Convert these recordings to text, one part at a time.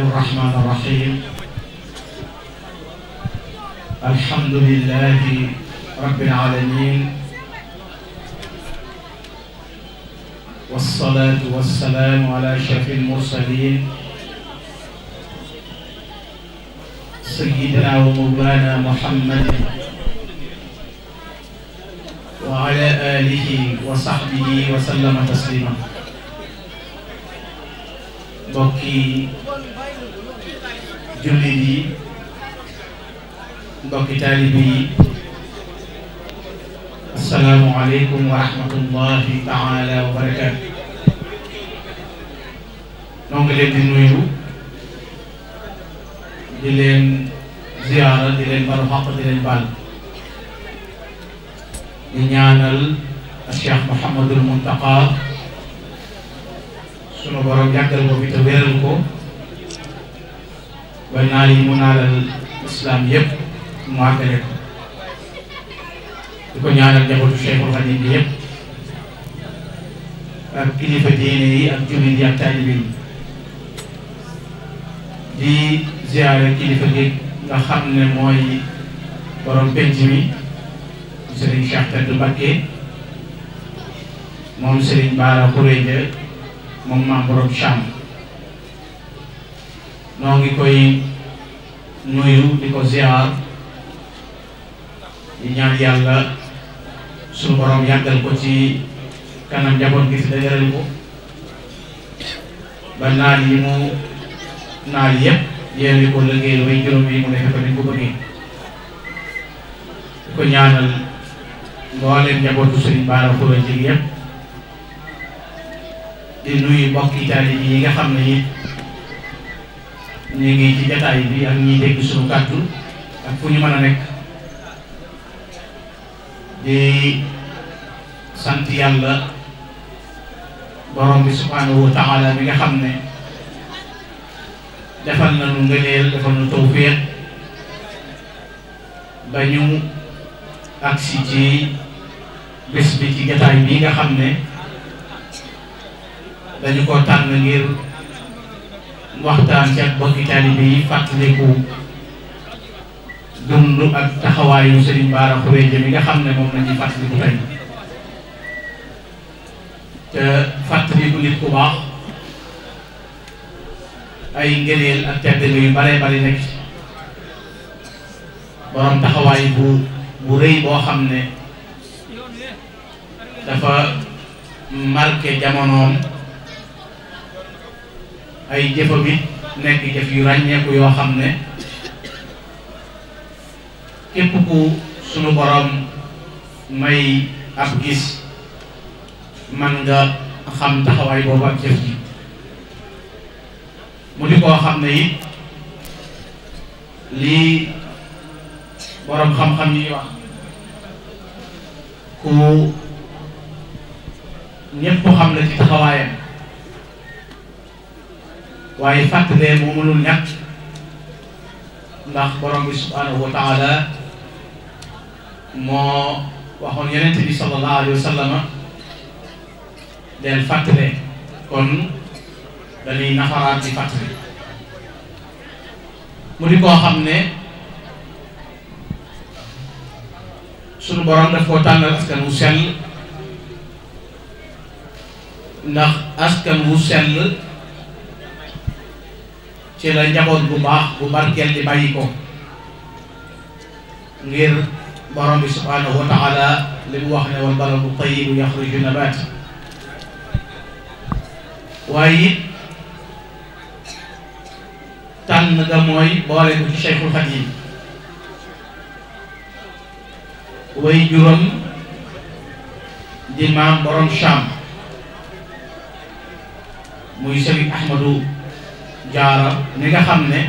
الرحمن الرحيم الحمد لله رب العالمين والصلاة والسلام على أشرف المرسلين سيدنا ومولانا محمد وعلى آله وصحبه وسلم تسليما mbokk yi jullit yi mbokki taalibe yi asalaamu aleykum wa taala wa barakaatu noo ngi leen di nuyu di leen ziyaara di leen balu xaq di leen bal Muntaqa sunu borom yàggal ko fi ba naal yi mu naalal islam yëpp mu àggale ko di ko ñaanal njabootu Cheikhul Khadim bi yëpp ak kilifa diine yi ak jullit yi ak taalibe yi di ziare kilifa gi nga xam ne mooy borom penc mi Serigne Cheikh Tadou moom Serigne Bara Khourédia moom maam borom Cham noo ngi koy nuyu di ko ziar di ñaan yàlla suñu borom yàggal ko ci kanam njaboot gi fi dëgëral ko ba naal yi mu naal yëpp yéen di ko liggéeyal way juróom yi mu nekk ko ni ko bëggee di ko ñaanal mbooleem njabootu Sëriñ Bara Xuré Jili yëpp di nuyu mbokki taalibe yi nga xam ne it ñu ci jataay bi ak ñiy dégg suñu kàddu ak fu ñu mën a nekk di sant yàlla borom bi subhanahu wa nga xam ne defal na nu ngëneel defal na tawfiq ba ñu si ci bés ci jataay bi nga xam ne dañu ko tànn ngir waxtaan ci ak bokki taalibe yi fàttaliku dund ak taxawaayu Serigne Bara Khourédia mi nga xam ne moom la ñuy fàttaliku tey te fàttaliku nit ku baax ay ngëneel ak teddange yu bare bari nekk borom taxawaay bu bu rëy boo xam ne dafa marqué jamonoom. ay jëfam it nekk jëf yu ràññeeku yoo xam ne képp ku sunu borom may ab gis man nga xam taxawaay boobu ak jëf ji mu di koo xam ne it lii borom xam-xam yi wax ku ñëpp xam la ci taxawaayam waaye fàttalee moo mënul ñàkk ndax borom bi subhanahu wa taala moo waxoon yonent bi sallallahu alayhi wa del fàttale kon dañuy nafaraat di fàttali mu di koo xam ne sunu borom daf koo tànnal askan wu sell ndax askan wu sell ci la bu baax bu barkeel di bàyyi ko ngir borom bi subhaanahu li mu wax ne wal baladu tayibu yaxruju nabat waaye it tànn nga mooy boole ko ci Cheikhul way juróom di maam borom Cham muy Serigne Ahmadou jaara mi nga xam ne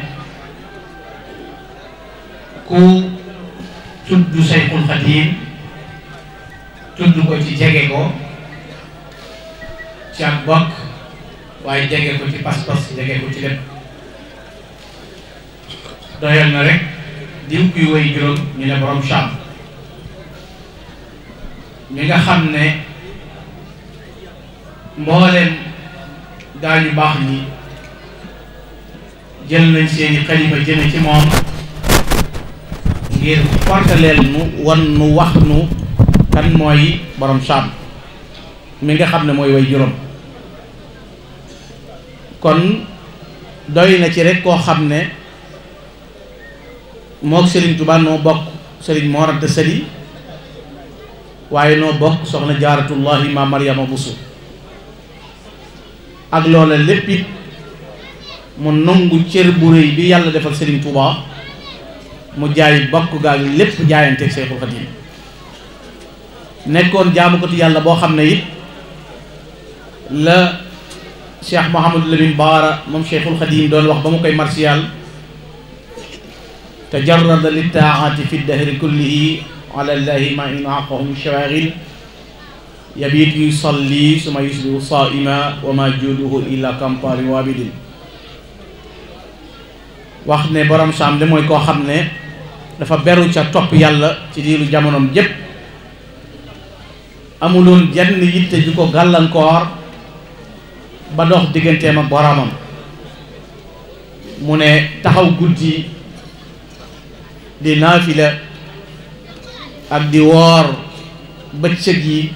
ku tudd Sayxul Xadiim tudd ko ci jege ko ci ak waaye jege ko ci pas-pas jege ko ci lépp doyoon na rek diw kuy woy juróom ñu ne borom Saam mi nga xam ne mboolem daañu baax ñi jël nañ seeni xalifa jëme ci moom ngir portaleel nu wax nu kan mooy borom saam mi nga xam ne mooy way juróom kon doy na ci rek koo xam ne mook sëriñ Touba noo bokk Serigne Mor Anta Sali waaye noo bokk soxna jaaratullahi ma Mariama Bousso ak loola lépp mu nangu cër bu rëy bi yàlla defal Serigne Touba mu jaay bokk gaal lépp jaayanteeg Cheikhul Khadim nekkoon jaamukatu yàlla boo xam ne it la Cheikh Mouhamadou Lamine Baara moom Cheikhul Khadim doon wax ba mu koy martial tajarrada li taaati fi dahri kullihi ala llahi ma in aqahum shawaghil yabiit yusalli suma yusbihu saa'ima wa ma juduhu illa kampaari waabidin wax ne borom saam de mooy koo xam ne dafa beru ca topp yàlla ci diiru jamonoom jépp amuloon jenn yitte ju ko gàllankoor ba dox digganteem ak boromam mu ne taxaw guddi di naafila ak di woor bëccëg yi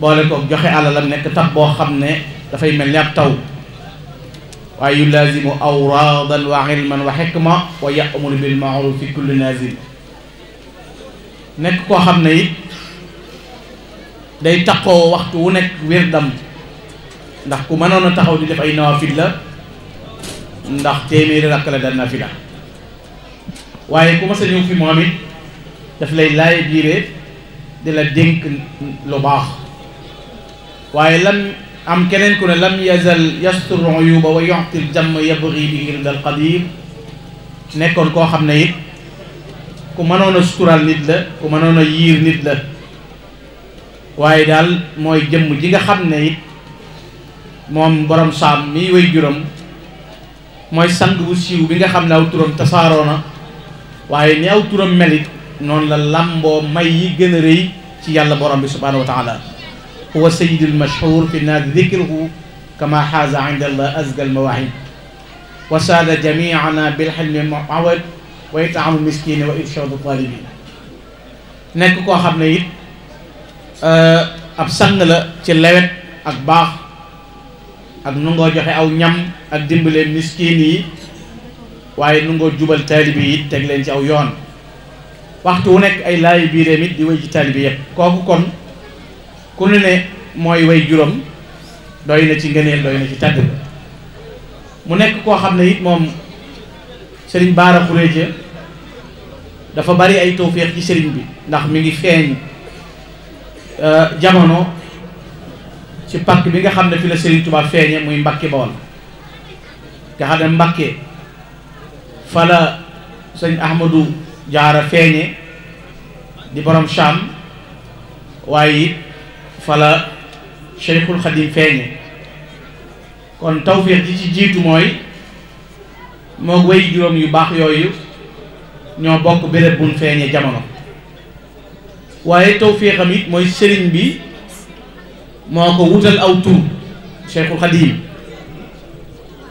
boole ko joxe alalam nekk tab boo xam ne dafay mel ni ab taw waaye yulaazimu awraadan wa ilman wa xikma wa yamuru bil maarufi kulli naazim nekk koo xam ne day taxoo waxtu wu nekk wirdam ndax ku mënoon a taxaw di def ay nawaafil la ndax téeméeri rakk la daan nafila waaye ku ma sa ñëw fi moom it daf lay laay biire di la dénk lu baax waaye lan am keneen ku ne lam yazal yastur uyuba wa yuxtil jàmm yabri bi irdal qadir nekkoon koo xam ne it ku mënoon a nit la ku mënoon yiir nit la waaye daal mooy jëm ji nga xam ne it moom borom saam mi way juróom mooy sang bu siiw bi nga xam ne aw turam tasaaroo na waaye ni aw turam melit noonu la làmboo may yi gën a rëy ci yàlla borom bi subhaanahu wa taala huwa sayidul mashhur fi naadi dikruhu kama xaaza inda allah azga almawahib wa saada jamiana bilxilmi muawad wa itaamu miskine wa irshadu talibin nekk koo xam ne it ab sang la ci lewet ak baax ak nungoo joxe aw ñam ak dimbale miskine yi waaye nungoo jubal taalibe yi it teg leen ci aw yoon waxtu wu nekk ay laayi biireem it di wéy ci taalibe yëpp kooku kon ku nu ne mooy way juróom doy na ci ngëneel doy na ci tàgg mu nekk koo xam ne it moom sëriñ Baara Xuréje dafa bari ay tawféex ci sëriñ bi ndax mi ngi feeñ euh, jamono ci pàkk bi nga xam ne fi la sëriñ Tuubaa feeñe muy mbakki Bawol nga xam ne Mbàkke fa la sëñ Ahmadou Jaara feeñe di borom Cham waaye fala Cheikhul Khadim feeñe kon tawféex ji ci jiitu mooy moo way juróom yu baax yooyu ñoo bokk béréb buñ feeñee jamono waaye tawféexam it mooy sëriñ bi moo ko wutal aw tur Cheikhul Khadim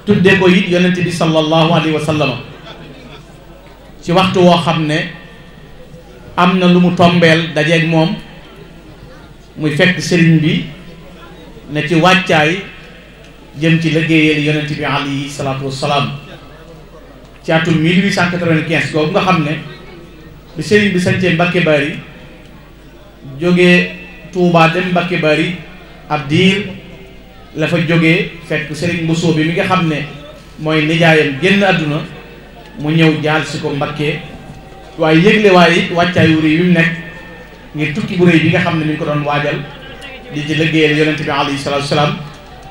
tudde ko it yonent bi sallallahu alayhi wa sallam ci waxtu woo xam ne am na lu mu tombeel dajeek moom muy fekk sëriñ bi ne ci wàccaay jëm ci liggéeyal yonent bi alayhi salaatu wassalaam ci atum 1895 bu nga xam ne bi sëriñ bi sañcee Mbàkke Bari jógee Touba dem Mbàkke Bari ab diir la fa jógee fekk sëriñ Bousso bi mi nga xam ne mooy nijaayam génn àdduna mu ñëw jaal si ko Mbàkke waaye yëgle waaye it wàccaay wuri yu nekk ngir tukki bu bi ga xam ne mi ngi ko doon waajal di ci liggéeyal yonent bi alayhi salaatu salaam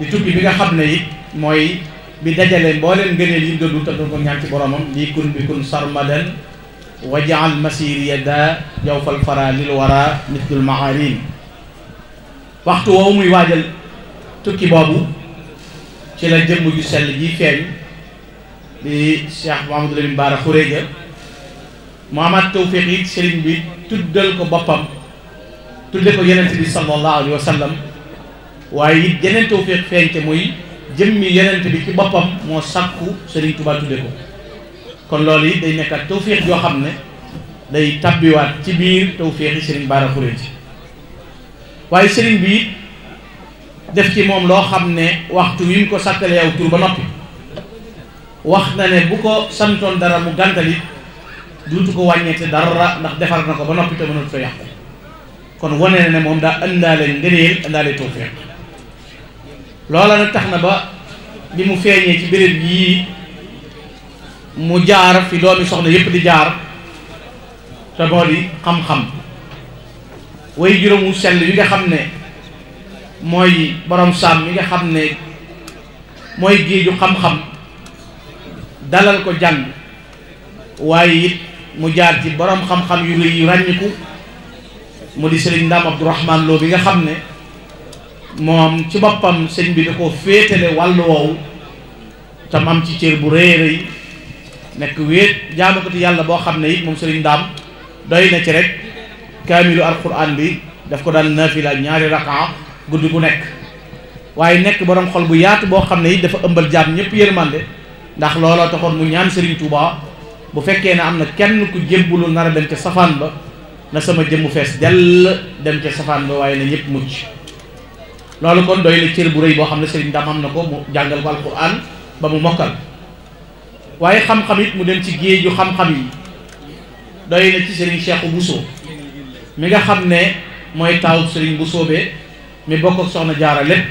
di tukki bi nga xam ne it mooy bi dajale mbooleem gëneel yi doon wutal ko ñaan ci boromam lii kun bi kun sarmadan wajaal masiriya da jawfal fara lil wara mithlul maharin waxtu woo muy waajal tukki boobu ci la jëmm ju sell ji feeñ di Cheikh Mahamadou Lamine Bara Khourédia mu amaat tawfiq it sëriñ bi tuddal ko boppam tudde ko yonent bi sallallahu alayhi wa sallam waaye it yeneen tawfiq feeñte muy jëmmi yonent bi ci boppam moo sàkku sëriñ Tuubaa tudde ko kon loolu it day nekkat tawfiq joo xam ne day tabbiwaat ci biir tawfiq yi sëriñ Bara Xuréji waaye sëriñ bi def ci moom loo xam ne waxtu wi ko sàkkale yow tur ba noppi wax na ne bu ko santoon dara mu gàntal duutu ko wàññeete dara ndax defar na ko ba noppi te mënut ko yàq kon wane na ne moom daa ëndaale ngëneel ëndaale tawfeex loola nag tax na ba li mu feeñee ci béréb yii mu jaar fi yi soxna yépp di jaar te moo di xam-xam way juróom sell yi nga xam ne mooy borom saam yi nga xam ne mooy géeju xam-xam dalal ko jàng waaye mu jaar ji borom xam-xam yu rëy yu ràññiku mu di sëriñ Ndam Abdourahman Lo bi nga xam ne moom ci boppam sëñ bi da ko féetale wàllu woowu tam am ci cër bu rëy rëy nekk wéet jaamakati yàlla boo xam ne it moom sëriñ Ndam doy na ci rek kaamilu alquran bi daf ko daan naafila ñaari raka guddi gu nekk waaye nekk borom xol bu yaatu boo xam ne it dafa ëmbal jaam ñëpp yërmande ndax looloo taxoon mu ñaan sëriñ Touba. bu fekkee ne am na kenn ku jébbulu nar a dem ca safaan ba na sama jëmmu fees dell dem ca safaan ba waaye na ñëpp mucc loolu kon doy na cër bu rëy boo xam ne sëriñ Dame am na ko mu jàngal ko alquran ba mu mokkal waaye xam it mu dem ci géeju xam-xam yi doy na ci sëriñ Cheikh Bousso mi nga xam ne mooy taaw sëriñ Bousso be mi bokk ak soxna jaara lépp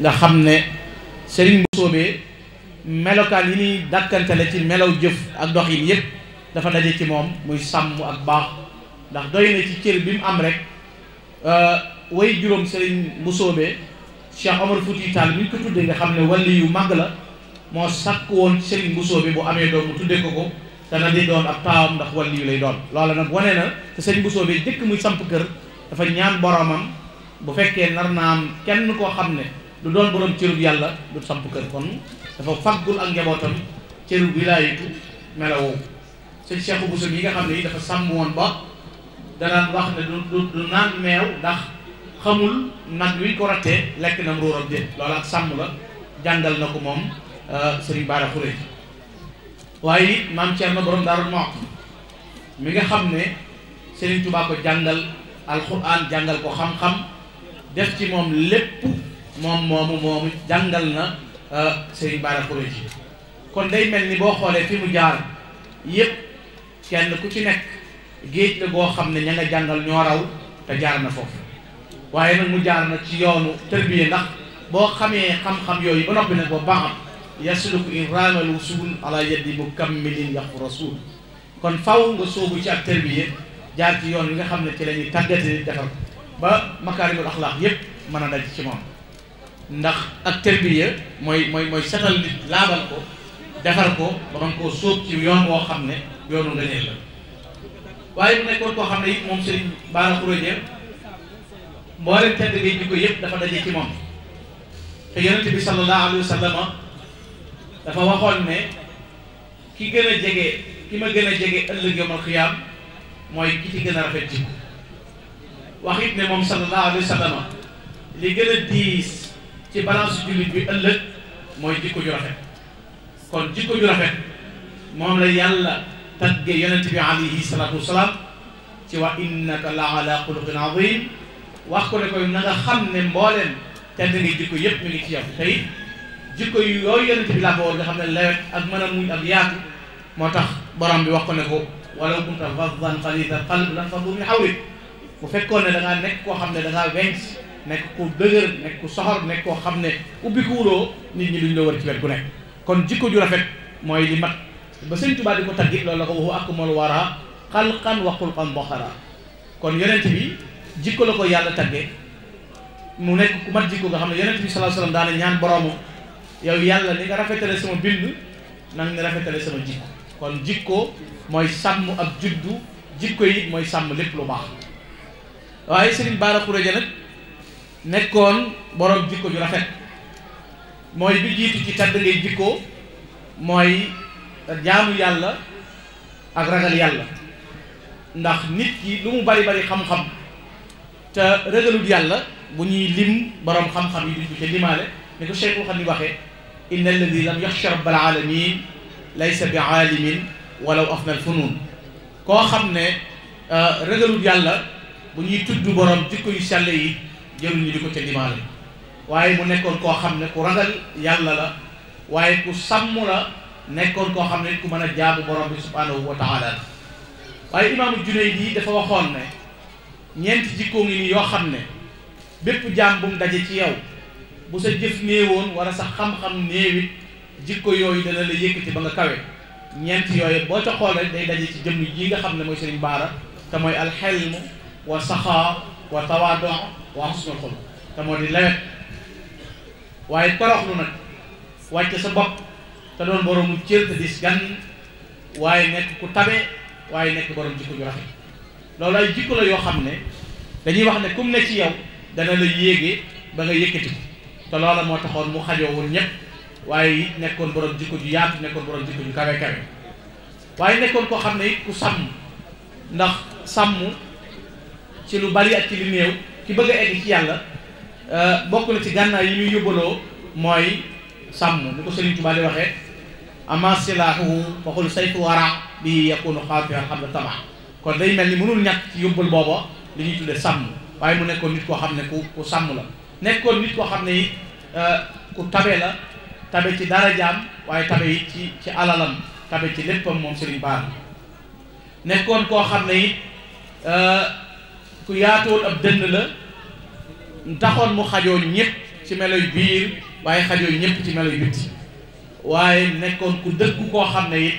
nga xam ne sëriñ Bousso be melokaan yi ñuy dàkkantale ci melaw jëf ak doxin yépp dafa daje ci moom muy sàmm ak baax ndax doy na ci cër bi mu am rek euh, way juróom sëriñ bu soobee Cheikh Omar Fouti Tall bi ñu ko tuddee nga xam ne wàlli yu mag la moo sàkk woon sëriñ bu soobee bu amee doom mu tuddee ko ko dana di doon ab taawam ndax wàlli yu lay doon loola nag wane na te sëriñ bu soobee jëkk muy samp kër dafa ñaan boromam bu fekkee nar naa am kenn koo xam ne lu doon borom cërub yàlla du samp dafa faggul ak njabootam cëru wilaayitu melawoo sëñ Cheikh Bousso yi nga xam ne yi dafa sàmm woon ba danaan wax ne du du naan meew ndax xamul nag wi ko rattee lekk na mu ruuram déet loolu ak sàmm la jàngal na ko moom euh, sëriñ Bara Xuré waaye it maam Thierno borom Daaru Muxti mi nga xam ne Serigne Touba ko jàngal alxuraan jàngal ko xam-xam def ci moom lépp moom moomu moomu jàngal na Euh, Serigne Bara Khouréji kon day mel ni boo xoolee fi mu jaar yépp kenn ku ci nekk géej la goo xam ne ña nga jàngal ñoo raw te jaar na foofu waaye nag mu jaar na ci yoonu tërbiye ndax boo xamee xam-xam yooyu ba noppi nag ba baaxam yasluku iraamal wusuul ala yadi mukammilin yaqu rasul kon faw nga soobu ci ak tërbiye jaar ci yoon yi nga xam ne ci la ñuy tàggatee defar ba makaarimul axlaaq yépp mën a daj ci moom ndax ak terbiya mooy mooy mooy setal nit laabal ko defar ko ba man koo sóob ci yoon woo xam ne yoonu ngëneel la waaye mu nekkoon koo xam ne it moom Serigne Bara Khourédia mboolem tedd yëpp dafa daje ci moom te yonent bi sallallahu alayhi wa dafa waxoon ne ki gën a jege ki ma gën a jege ëllëg yomal xiyaam mooy ki ci gën a rafet jikko wax it ne moom sallallahu alayhi wa li gën a diis ci balance jullit bi ëllëg mooy jikko ju rafet kon jikko ju rafet moom la yàlla tagge yonent bi alayhi salaatu wasalaam ci wa innaka la ala xuluqin azim wax ko ne koy na nga xam ne mbooleem tedd nga jikko yëpp mi ngi ci yow tey jikko yu yooyu yonent bi la ko woon xam ne lewet ak mën a muñ ak yaatu moo tax borom bi wax ko ne ko walaw kunta faddan xalida qalb lan faddu min xawlik fekkoon ne da ngaa nekk koo xam ne da ngaa nekk ku dëgër nekk ku soxor nekk koo xam ne ubbi ko wuloo nit ñi duñ la wër ci wet gu nekk kon jikko ju rafet mooy li mat ba sëñ Tuubaa di ko taggi loolu la ko waxu akmal wara xalqan wa xulqan boxara kon yonent bi jikko la ko yàlla tagge mu nekk ku mat jikko nga xam ne yonent bi sallallahu alayhi wasallam daana ñaan boroomu yow yàlla ni nga rafetale sama bind nang ni rafetale sama jikko kon jikko mooy sàmm ab juddu jikko yi mooy sàmm lépp lu baax waaye Sëriñ Bara Khourédia nekkoon borom jikko ju rafet mooy bi jiitu ci tàdd jikko mooy jaamu yàlla ak ragal yàlla ndax nit ki lu mu bari bari xam-xam te ragalut yàlla bu ñuy lim boroom xam-xam yi duñ ko ca limaale ni ko Cheikh waxam ni waxee inna alladi lam yaxsha rabbal alamin laysa bi aalimin walaw afna al funun koo xam ne euh, ragalut yàlla bu ñuy tudd borom jikko yu sell yi jël yi di ko ca limaale waaye mu nekkoon koo xam ne ku ragal yàlla la waaye ku sàmm la nekkoon koo xam ne ku mën a jaabu borom bi subhaanahu wa taala la waaye imaamu Junayd yi dafa waxoon ne ñeent jikkoo ngi nii yoo xam ne bépp jaam bu mu dajee ci yow bu sa jëf néewoon wala sa xam-xam néewit jikko yooyu dana la yëkkati ba nga kawe ñeent yooyu boo ca xool day daje ci jëmm yi nga xam ne mooy Sëriñ Baara te mooy alxelm wa saxaa wa tawaadoo wa xusnul xuluq te moo di lewet waaye toroxlu nag wàcce sa bopp te doon boroomu cër te dis gan waaye nekk ku tabe waaye nekk borom jikko ju rafet loolu ay jikko la yoo xam ne dañuy wax ne kum ne ci yow dana la yéege ba nga yëkkati ko te loola moo taxoon mu xajoo woon ñëpp waaye it nekkoon borom jikko ju yaatu nekkoon borom jikko ju kawe kawe waaye nekkoon koo xam ne it ku sàmm ndax sàmm ci lu bari ak ci lu néew ki bëgg a egg ci yàlla euh, bokk na ci gànnaar yi muy yóbbaloo mooy sàmm ni ko Serigne Touba di waxee ama silaahu waxul saytu wara bi yakunu xaafian xam ne tabax kon day mel ni mënul ñàkk ci yóbbal booba li ñuy tuddee sàmm waaye mu nekkoon nit koo xam ne ku ku sàmm la nekkoon nit koo xam ne it euh, ku tabe la tabe ci dara jaam waaye tabe yi ci ci alalam tabe ci léppam moom Serigne Bara nekkoon koo xam ne it euh, ku yaatoon ab dënn la taxoon mu xajoo ñëpp ci meloy biir waaye xajoo ñëpp ci meloy bitti waaye nekkoon ku dëggu koo xam ne it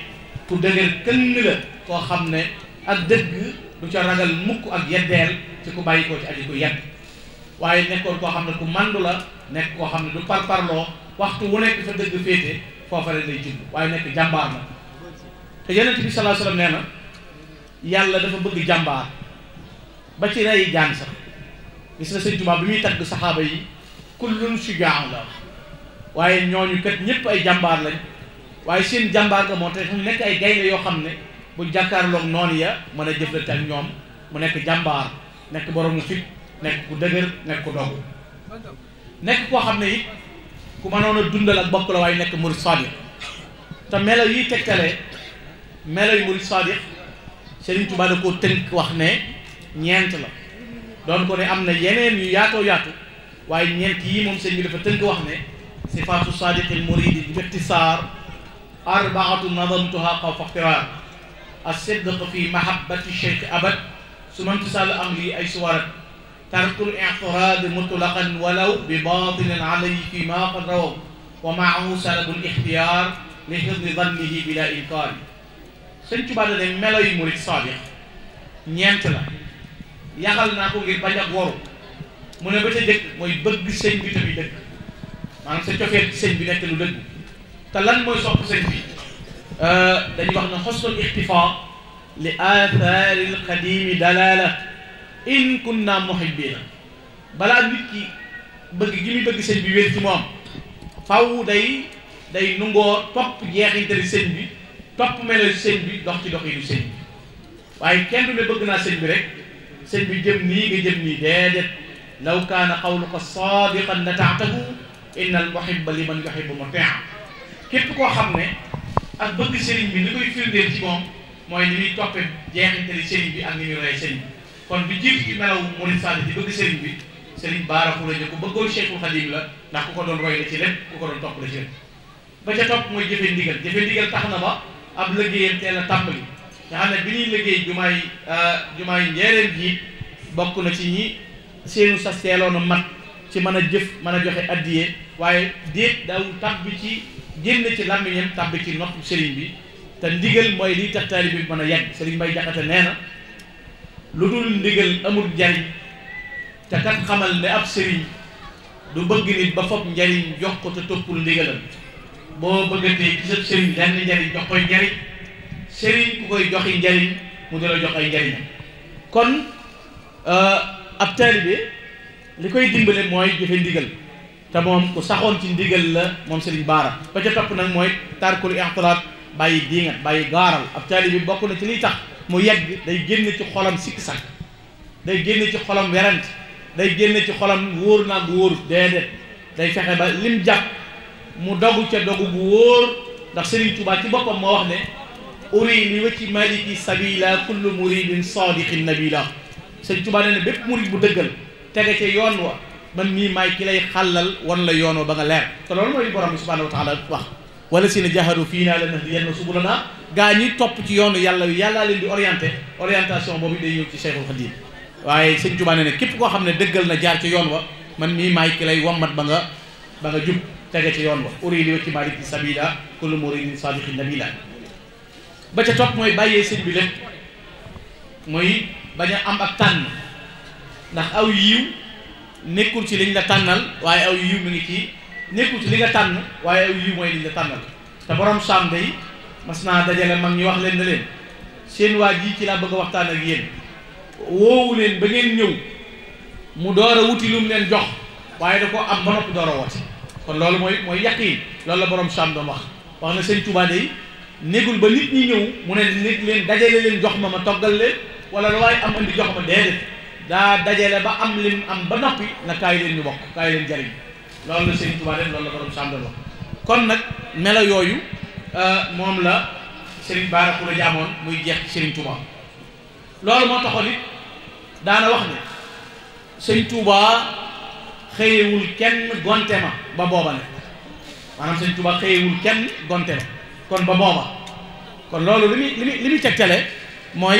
ku dëgër këng la koo xam ne ak dëgg du ca ragal mukk ak yeddeel ci ku bàyyi koo ci aji ku yedd waaye nekkoon koo xam ne ku mandu la nekk koo xam ne du parparloo waxtu wu nekk fa dëgg féete foofa rek lay jublu waaye nekk jàmbaar la te yonent bi sallallahu alayhi nee na yàlla dafa bëgg jàmbaar ba ci rey jaan sax gis na sëñ Tuubaa bi muy tagg saxaaba yi kullun shujaa la waaye ñooñu kat ñëpp ay jàmbaar lañ waaye seen jàmbaar ga moo tax nekk ay gaynde yoo xam ne bu jàkkaarloog noonu ya mën a jëflante ak ñoom mu nekk jàmbaar nekk boroomu fit nekk ku dëgër nekk ku dogg nekk koo xam ne it ku mënoon a dundal ak bokk la waaye nekk murid sadiq te melo yiy tegtalee melo yu murid sadiq Sëriñ Tuubaa da koo tënk wax ne ñeent la doon ko ne am na yeneen yu yaatoo yaatu waaye ñeent yi moom sëñ bi dafa tënk wax ne sifaatu sadiqil muridi bixtisaar arbaatu nadamtuha xawfa ixtiraar asidq fi mahabbati cheikh abad su mantisaal amri ay suwarat tarkul ictiraad mutlaqan walaw bi baatinin alayhi fi ma qad rawaw wa maahu salabul ixtiyaar li xirni dannihi bila inkaari sëñ Tuubaa da ne melo yi murid sadiq ñeent la yaxal naa ko ngir bañ ak woru mu ne ba ca jëkk mooy bëgg sëñ bi te bi dëkk maanaam sa cofeel ci bi nekk lu dëgg te lan mooy sopp sëñ bi euh, dañuy wax ne xosnul ixtifaa li aathaari alqadimi dalaala in ki bëgg gi muy bëgg sëñ bi wér ci moom faw day day nungoo topp jeexintali sëñ bi topp melo sëñ bi dox ci dox yi du sëñ bi waaye kenn du ne bëgg naa sëñ bi rek sëñ bi jëm nii nga jëm nii déedéet law kaana qawluka saadiqan la taatahu inna al muhibba li man yuhibbu mutia képp koo xam ne ak bëgg sëriñ bi li koy firndeel ci moom mooy ni muy toppe jeexintali sëriñ bi ak ni muy roye sëriñ bi kon bi jiitu ci melaw murid sànni ci bëgg sëriñ bi sëriñ Baara Xuréja ñu ko bëggoon Cheikhul Khadim la ndax ku ko doon roy la ci lépp ku ko doon topp la ci lépp ba ca topp mooy jëfe ndigal jëfe ndigal tax na ba ab liggéeyam teel a tàmbali nga xam ne bi ñuy liggéey jumaay euh, jumaay njëriñ ji bokk na ci ñi seenu sas teeloon a mat ci mën a jëf mën a joxe addiye waaye déet daawul tàbbi ci génn ci làmmiñam tàbbi ci nopp sëriñ bi te ndigal mooy liy tax taalibe bi mën a yàgg sëriñ Mbay Jaxate nee na lu dul ndigal amul njariñ te kat xamal ne ab sëriñ du bëgg nit ba foog njariñ jox ko te toppul ndigalam boo bëggatee ci sa sëriñ lenn njariñ jox koy njariñ sëriñ ku koy joxi njariñ mu dina jox ay njariñ kon euh, ab bi li koy dimbale mooy jëfe ndigal te moom ku saxoon ci ndigal la moom sëriñ baara ba ca topp nag mooy tarkul ixtilaat bàyyi diingat bàyyi gaaral ab taalibe bi bokk na ci liy tax mu yegg day génn ci xolam sikki sakk day génn ci xolam werante day génn ci xolam wóor naa gu wóorut déedéet day fexe ba lim jàpp mu dogu ca dogu gu wóor ndax sëriñ Tuubaa ci boppam moo wax ne uri ni wa ci maliki sabila kullu muridin sadiqin nabila sëñ Tuubaa nee na bépp murid bu dëggal tege ca yoon wa man mii maay ki lay xàllal wan la yoon ba nga leer te loolu mooy li borom bi subhanahu wa taala wax wala si na jahadu fii naa la nahdiyanna subulana gaa ñi topp ci yoonu yàlla yàllaa leen di orienté orientation boobu day ñëw ci Cheikhul Khadim waaye sëñ Tuubaa nee na képp koo xam ne dëggal na jaar ci yoon wa man mii maay ki lay wommat ba nga ba nga jub tege ci yoon wa uri li wa ci maliki sabila kullu muridin sadiqin nabila ba ca topp mooy bàyyee sëñ bi lépp mooy bañ a am ak tànn ndax aw yiw nekkul ci liñ la tànnal waaye aw yiw ngi ci nekkul ci li nga tànn waaye aw yiw mooy liñ la tànnal te borom saam day mas naa dajale mag ñu wax leen na leen seen waa ji ci laa bëgg a waxtaan ak yéen woowu leen ba ngeen ñëw mu door a wuti lu leen jox waaye da ko am ba noppi door a woote kon loolu mooy mooy yi loolu la borom saam doon wax wax na seen Tuubaa day négul ba nit ñi ñëw mu ne leen dajale leen jox ma ma toggal leen wala lu waaye am andi jox ma de daa dajale ba am lim am ba noppi na kaay leen ñu bokk kaay leen jariñ loolu la Sëriñ Tuubaa def loolu la borom sàmm wax kon nag melo yooyu euh, moom la Sëriñ Baara Kula jaamoon muy jeex ci Sëriñ Tuubaa loolu moo taxoon it daana wax ne Sëriñ Tuubaa xëyewul kenn gonte ma ba booba ne maanaam Sëriñ Tuubaa xëyewul kenn gonte ma kon ba booba kon loolu li muy li muy li muy tegtale mooy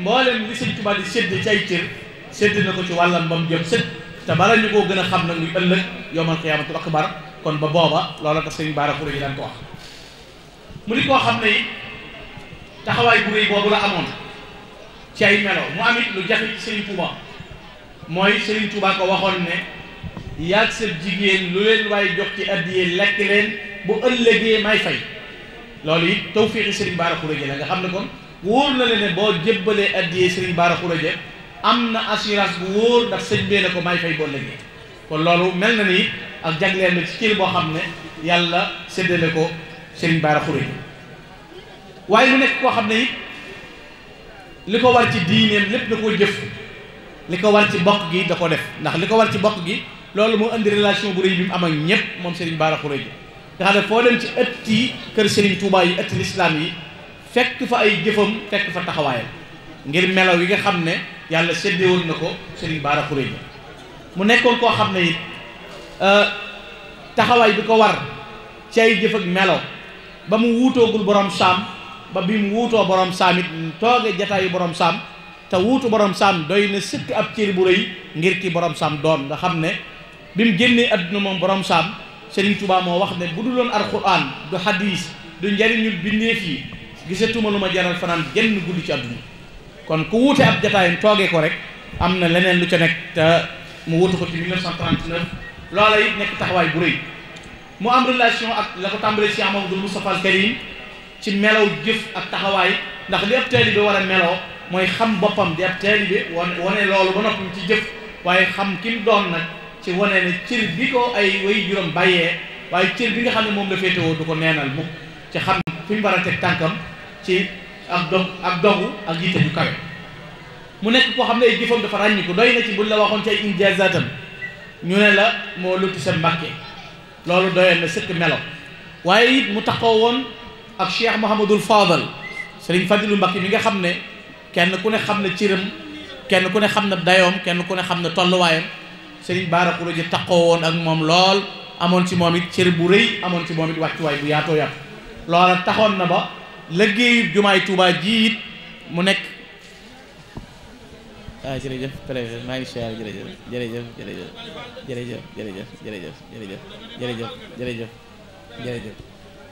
mboolem li sëñ Tuubaa di sédd ci ay cër na ko ci wàllam ba mu jëm sët te bala ñu ko gën a xam nag muy ëllëg yowmal xiyaamatul akbar kon ba booba loola tax sëñ Baara Xuré yi daan ko wax mu di koo xam ne taxawaay bu rëy boobu la amoon ci ay melo mu am it lu jafe ci Serigne Touba mooy ko waxoon ne yaag sa jigéen lu leen waaye jox ci addiye lekk leen bu ëllëgee may fay loolu it tawfiixi sëriñ Baara Xuraja la nga xam ne kon wóor na leen ne boo jébbalee addiyee sëriñ Baara Xuraja am na assurance bu wóor ndax sëñ bee na ko may fay boole gi kon loolu mel na ne ni ak jagleel na ci cër boo xam ne yàlla séddale ko sëriñ Baara Xuraja waaye mu nekk koo xam ne it li ko war ci diineem lépp da koo jëf li ko war ci bokk gi da ko def ndax li ko war ci bokk gi loolu moo indi relation bu rëy bi am ak ñëpp moom sëriñ Baara Xuraja nga xam ne foo dem ci ëtt kër Serigne Touba yi ëtt lislaam yi fekk fa ay jëfam fekk fa taxawaayam ngir melaw yi nga xam ne yàlla séddewoon na ko Serigne Bara Khourédia mu nekkoon koo xam ne it euh, taxawaay bi ko war ci ay jëf ak melaw ba mu wuutoogul borom saam ba bi mu wuutoo borom saam it tooge jataayu borom saam te wuutu borom saam doy na sëkk ab cër bu rëy ngir ki borom saam doon nga xam ne bi mu génnee adduna moom borom saam. Serigne Touba moo wax ne bu du loon alxuraan du hadis du njariñul bindeef yi gisatuma lu ma jaral fanaan genn guddi ci àdduna kon ku wuute ab jataayam toogee ko rek am na leneen lu ca nekk te mu wutu ko ci 1939 loola it nekk taxawaay bu rëy mu am relation ak la ko tàmbalee si Amadou Moustapha al Karim ci melaw jëf ak taxawaay ndax li ab taalibe war a meloo mooy xam boppam di ab taalibe wane loolu ba noppi ci jëf waaye xam kim doon nag ci wane ne cër bi ko ay way juróom bàyyee waaye cër bi nga xam ne moom la féetewoo du ko neenal mukk ci xam fi mu war a teg tànkam ci ak dog ak dogu ak yitte mu nekk koo xam ne ay jëfam dafa ràññiku doy na ci buñ la waxoon ci ay injazaatam ñu ne la moo lutti seen mbàkke loolu doyoon na sëkk melo waaye it mu tax taxaw woon ak Cheikh Mouhamadul Fadal Serigne Fadilu Mbàkke bi nga xam ne kenn ku ne xam ne cëram kenn ku ne xam ne dayoom kenn ku ne xam ne tolluwaayam sëriñ Baara Xuré ji taxoo woon ak moom lool amoon ci moom it cër bu rëy amoon ci moom it wàccuwaay bu yaatoo yaatu loola taxoon na ba liggéeyu jumaay Touba ji it mu nekk. ah jërëjëf président maa ngi siyaare jërëjëf jërëjëf jërëjëf jërëjëf jërëjëf jërëjëf jërëjëf jërëjëf jërëjëf jërëjëf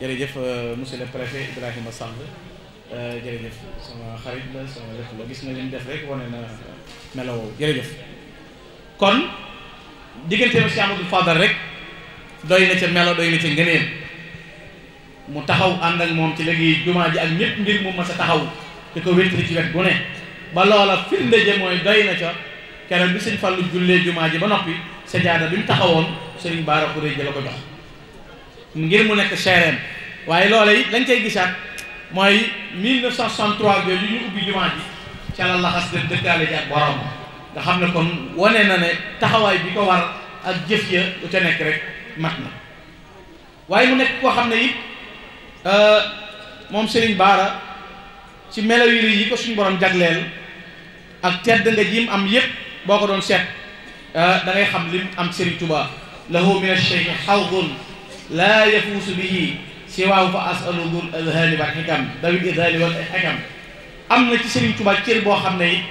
jërëjëf euh, monsieur le préfet Ibrahima Samb euh, jërëjëf sama xarit la sama lépp la gis na li mu def rek wane na melawoo jërëjëf kon. diggante ba Cheikh Amadou Fadal rek doy na ca melo doy na ca ngëneel mu taxaw ànd ak moom ci léegi jumaa ji ak ñëpp ngir mu mas sa taxaw te ko wéttali ci wet bu ba loola firnde je mooy doy na ca keroog bi sëñ Fallu jullee jumaa ji ba noppi sa jaada bi mu taxawoon sëriñ Baara Xuree ji la ko jox ngir mu nekk seereem waaye loola it lañ cay gisaat mooy 1963 bi ñu ubbi jumaa ji ca la laxas dem dëkkaale ji ak borom nga xam ne kon wane na ne taxawaay bi ko war ak jëf ya lu ca nekk rek mat na waaye mu nekk koo xam ne it euh, moom Serigne Baara ci melo yi ko suñu borom jagleel ak tedd nga jim am yëpp boo ko doon seet euh, da ngay xam lim am Serigne Touba lahu min ash-shaykh xawdun laa yafuusu bihi siwaahu fa asalu dul adhaali wal xikam dawil adhaali wal xikam am na ci Serigne Touba cër boo xam ne it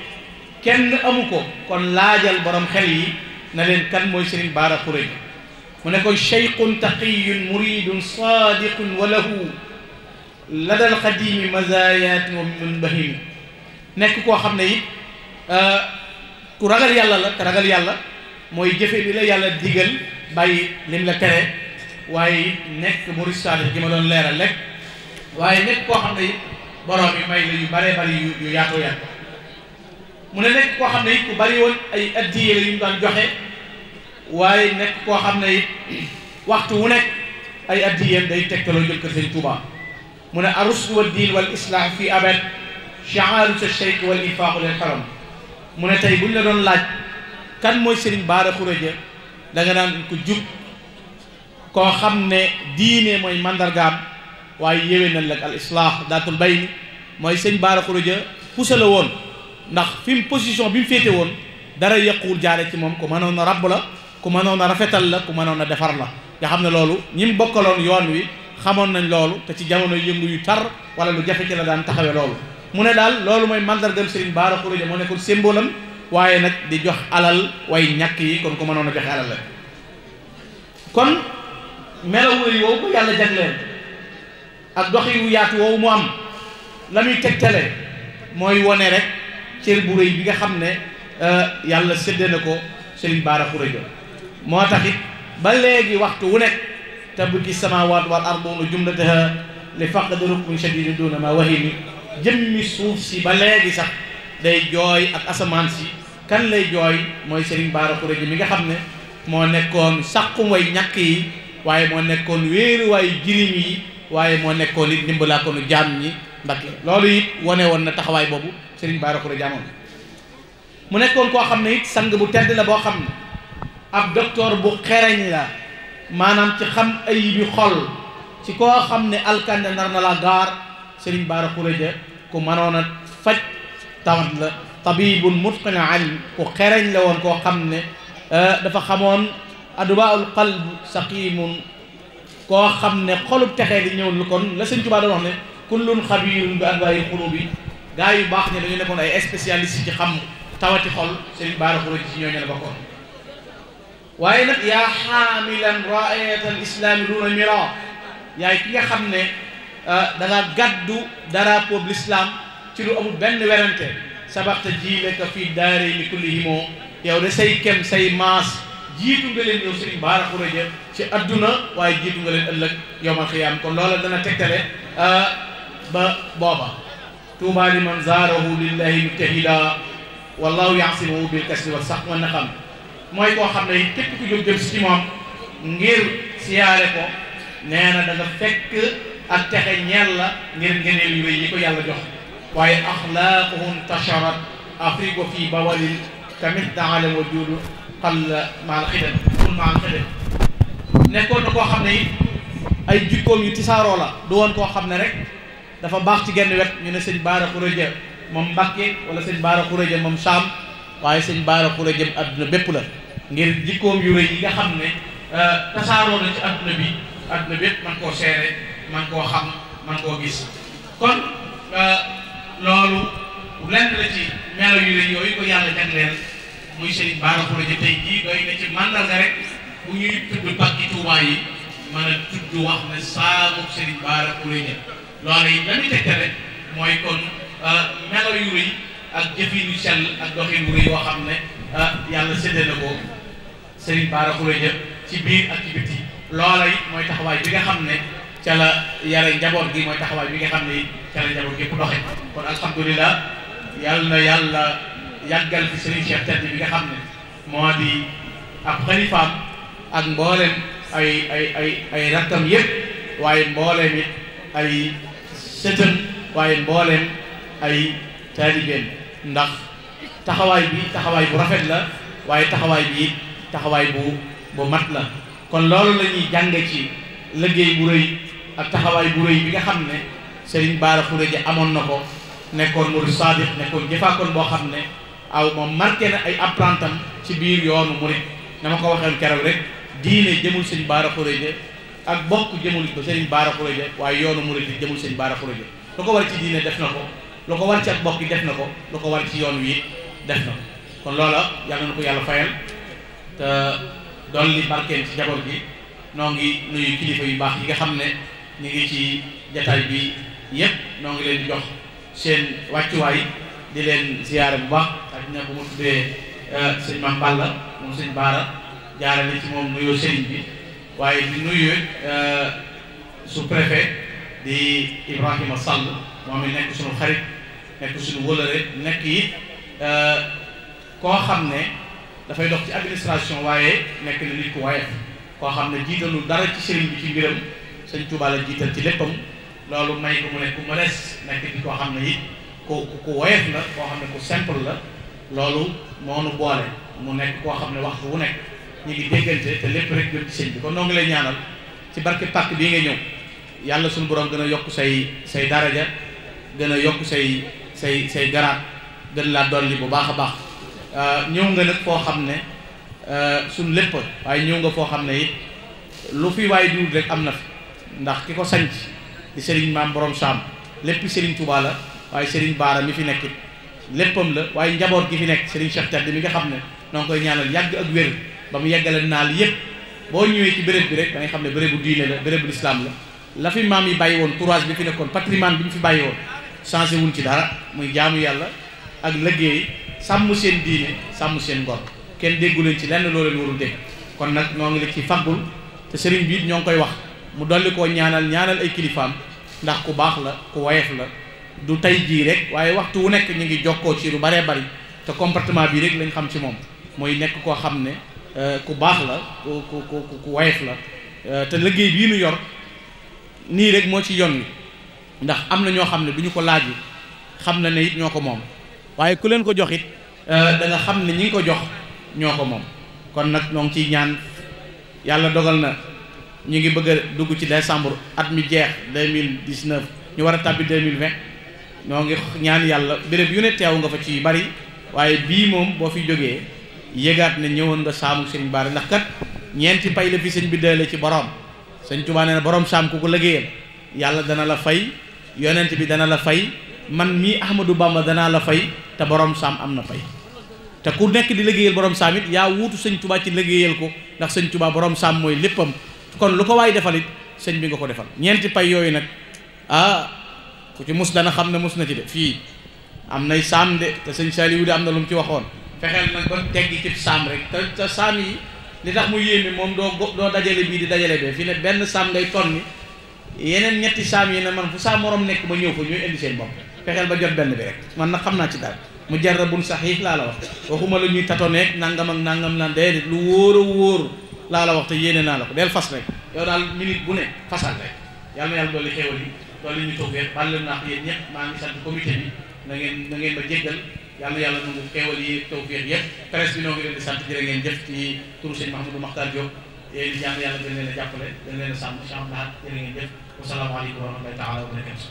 kenn amu ko kon laajal borom xel yi na leen kan mooy sëriñ baara xuréy mu ne ko cheyqun taqiyun muridun sadiqun wa lahu ladal xadimi mazayaatin wa min bahimi nekk koo xam ne it euh, ku ragal yàlla la ragal yàlla mooy jëfe li la yàlla digal bàyyi lim la tere waaye nekk murid sadiq gi ma doon waaye nekk koo xam ne it borom yi may bare bari yu yu mu ne nekk koo xam ne it ku bari woon ay addiye la yu ñu daan joxe waaye nekk koo xam ne it waxtu wu nekk ay addiyeem day tegtaloo jël ko sëñ mu ne arus wa diin wal islah fi abad chaaru sa cheikh wal infaaqu lil xaram mu ne tey bu ñu doon laaj kan mooy Serigne Bara Khourédia da nga naan ko jub koo xam ne diine mooy mandargaam waaye yéwénal la ak al islah daatul bayni mooy sëñ Bara Khourédia pusa la woon ndax fi mu position bi mu féete woon dara yëquwul jaare ci moom ku mënoon a la ku mënoon a rafetal la ku mënoon a defar la nga xam ne loolu ñi mu bokkaloon yoon wi xamoon nañ loolu te ci jamono yëngu yu tar wala lu jafe ci la daan taxawee loolu mu ne daal loolu mooy mandargam Serigne Bara Khourédia moo nekkoon symbole am waaye nag di jox alal way ñàkk yi kon ku mënoon a joxe alal la kon melawu woowu ko yàlla jagleel ak dox yu yaatu woowu mu am la muy tegtale mooy wone rek cër bu rëy bi nga xam ne euh, yàlla séddee na ko Serigne Bara Khourédia moo tax it ba léegi waxtu wu nekk tabki samaawaat wal ardu jumlataha li faqdi rukbin shadidin duna ma wahimi jëmmi suuf si ba léegi sax day jooy ak asamaan si kan lay jooy mooy Serigne Bara Khourédia bi nga xam ne moo nekkoon sàqum way ñàkk yi waaye moo nekkoon wéeru waayu jiriñ yi waaye moo nekkoon it ndimbalaakonu jaam ñi Mbacké loolu it wane woon na taxawaay boobu Serigne Bara Khourédia amoon mu nekkoon koo xam ne it sang bu tedd la boo xam ne ab docteur bu xereñ la maanaam ci xam ayibi xol ci koo xam ne alkande nar na laa gaar Serigne Bara Khourédia ku mënoon a faj tawat la tabibun mutqin alim ku xereñ la woon koo xam ne euh, dafa xamoon adubaul qalb saqimun koo xam ne xolub texee di ñëw lu kon la Sëñ Tuubaa doon wax ne kullun xabirun bi anwaa'il qulubi gaa yu baax ñi dañu nekkoon ay spécialiste ci xam tawati xol Serigne Bara Khourédia ci ñooñu la bokkoon waaye nag yaa xaamilan raayatal islaami duuna mira yaay ki nga xam ne ah, da nga gàddu drapeau bi l'islam ci lu amul benn werante sabaxta jiilaka fii daarayni kullihimoo yow de say kem say maas jiitu nga leen yow Serigne Bara Khourédia ci adduna waaye jiitu nga leen ëllëg yowmal xiyaam kon loola dana tegtale ah, ba booba tuuba li man zaarahu lillahi mutahila wallahu yaasimuhu bil kasbi wa sax mën na xam mooy koo xam ne képp ku jóg jëm si ci moom ngir siyaare ko nee fekk ak texe ñeel la ngir ngeneel yu jox waaye axlaaquhu intasharat afrique wa fii bawalin tamit daalem wa maal xidam xul maal xam ne it ay jikkoom yu tisaaroo la du woon koo xam ne rek dafa baax ci genn wet ñu ne sëñ Baara Khourédia moom Mbàkke wala sëñ Baara Khourédia moom Saam waaye sëñ Baara Khourédia àdduna bépp la ngir jikkoom yu rëy yi nga xam ne euh, tasaaroo na ci àdduna bi àdduna bépp man koo seere man koo xam man koo gis kon euh, loolu lenn la ci melo yu rëy yooyu ko yàlla jagleel muy sëñ Baara tey jii doy na ci màndarga rek bu ñuy tudd Mbàkke Tuubaa yi mën a tudd wax ne saamu sëriñ Baara loolu it la muy mooy kon euh, melo yu ak jëfin yu sell ak doxin wu rëy xam ne euh, yàlla séddee na ko Serigne Bara Khourédia ci biir ak ci biti loola mooy taxawaay bi nga xam ne cala yare njaboot gi mooy taxawaay bi nga xam ne ca la njaboot gépp doxe kon alhamdulilah yàlla na yàlla yàggal fi Serigne Cheikh Tedd bi nga xam ne moo di ab xalifaam ak mboolem ay ay ay ay rakkam yëpp waaye mboolem sëtëm waaye mbooleem ay taalibeen ndax taxawaay bi taxawaay bu rafet la waaye taxawaay bi it taxawaay bu bu mat la kon loolu la ñuy jànge ci liggéey bu rëy ak taxawaay bu rëy bi nga xam ne Serigne Bara Khourédia amoon na ko nekkoon murid sadiq nekkoon jëfaakoon boo xam ne aw moom marqué na ay apprentam ci biir yoonu murid dama ko waxee keroog rek diine jëmul Serigne Bara Khourédia ak bokk jëmul ba sëriñ Bara Khourédia waaye yoonu murid yi jëmul sëriñ Bara Khourédia lu ko war ci diine def na ko lu ko war ci ak bokk yi def na ko lu ko war ci yoon wi def na ko kon loola yàlla na ko yàlla fayal te doon li barkeen ci jaboot bi noo ngi nuyu kilifa yu baax yi nga xam ne ñu ngi ci jataay bi yépp noo ngi leen jox seen wàccuwaay di leen ziyaare bu baax ak na bu mu tuddee euh, sëñ Mame Balla moom sëñ Bara jaare na ci moom nuyoo sëriñ bi waaye di nuyu euh, sous-préfet di Ibrahima Sall moom mi nekk suñu xarit nekk suñu wëlëre nekk it euh, koo xam ne dafay dox ci administration waaye nekk na nit ku waaye koo xam ne jiitalu dara ci sëriñ bi ci mbiram sëñ Tuubaa la jiital ci léppam loolu may ko mu nekk ku mënees nekk di koo xam ne it ku ku woyof la koo xam ne ku simple la loolu moo nu boole mu nekk koo xam ne waxtu wu nekk ñu ngi déggante te lépp rek jëm ci sëñ bi kon noo ngi lay ñaanal ci barke pàkk bii nga ñëw yàlla suñu borom gën a yokk say say daraja gën a yokk say say say garaat gën laa dolli bu baax a baax euh, ñëw nga nag foo xam ne euh, suñ lépp waaye ñëw nga foo xam ne it lu fi waaye duul rek am na fi ndax ki ko ci di sëriñ maam borom saam lépp sëriñ Touba la waaye seriñ Baara mi fi nekkit léppam la waaye njaboot gi fi nekk sëriñ Cheikh Thiat mi nga xam ne noo koy ñaanal yàgg ak wér ba mu yeggale naal yépp boo ñëwee ci bërëb bi rek da ngay xam ne bérébu diine la bérébu lislaam la la fi maam yi bàyyi woon courage bi fi nekkoon patrimoine bi ñu fi bàyyi woon changé wuñ ci dara muy jaamu yàlla ak liggéey sàmm seen diine sàmm seen ngor kenn déggu leen ci lenn loo leen warul dégg kon nag ñoo ngi la ci faggul te sëriñ bi ñoo ngi koy wax mu dolli koo ñaanal ñaanal ay kilifaam ndax ku baax la ku woyof la du tey jii rek waaye waxtu wu nekk ñu ngi jokkoo ci lu baree bari te comportement bii rek lañ xam ci moom mooy nekk koo xam ne Euh, ku baax la ku ku ku ku wayef la euh, te liggéey bii nu yor nii rek moo ci yoon wi ndax am na ñoo xam ne du ñu ko laaj xam na ne it ñoo ko moom waaye ku leen ko jox it euh, da xam ne ñi ngi ko jox ñoo ko moom kon nag ñoo ngi ciy ñaan yàlla dogal na ñu ngi bëgg dugg ci décembre at mi jeex deux mille dix neuf ñu war a tàbbi deux mille vingt ñoo ngi ñaan yàlla béréb yu ne teew nga fa ci bari waaye bii moom boo fi jógee. yëgaat ne ñëwoon nga saamu sëriñ Baara ndax kat ñeenti pay la fi sëñ bi dale ci borom sëñ Tuubaa nee na borom saam ku ko liggéeyal yàlla dana la fay yonent bi dana la fay man mii Ahmadou Bamba danaa la fay te borom saam am na fay te ku nekk di liggéeyal borom saam it yaa wuutu sëñ Tuubaa ci liggéeyal ko ndax sëñ tubaa boroom saam mooy léppam kon lu ko waay defal it sëñ bi nga ko defal ñeenti pay yooyu nag ah ku ci mus dana xam ne mus na ci fii am nay saam de te de am na lu mu ci waxoon. fexeel na ba teggi ci saam rek te te saam yi li tax mu yéen yéeme moom doo doo dajale bii di dajale bee fi ne benn saam ngay tonni yeneen ñetti saam yi ne man fu saa moroom nekk ma ñëw fa ñooy indi seen bopp fexeel ba jot benn bi rek man nag xam naa ci daal mu jarrabun saxiix laa la wax waxuma la ñuy tatoneeg nangam ak nangam lan déedéet lu wóor a wóor laa la wax te yéene naa la ko del fas rek yow daal minute bu ne fasal rek yàlla na yàlla dolli xéewal yi dolli ñu toog yéen baal leen naa yéen ñëpp maa yàlla yàlla nangu xeewal yi tawfiq yëpp presse bi noo di sant jërë ngeen jëf ci turu sëñ Mahamadou Makhtar Diop yéen ñaan yàlla dañ leen a jàppale dañ leen a taala wa barakatu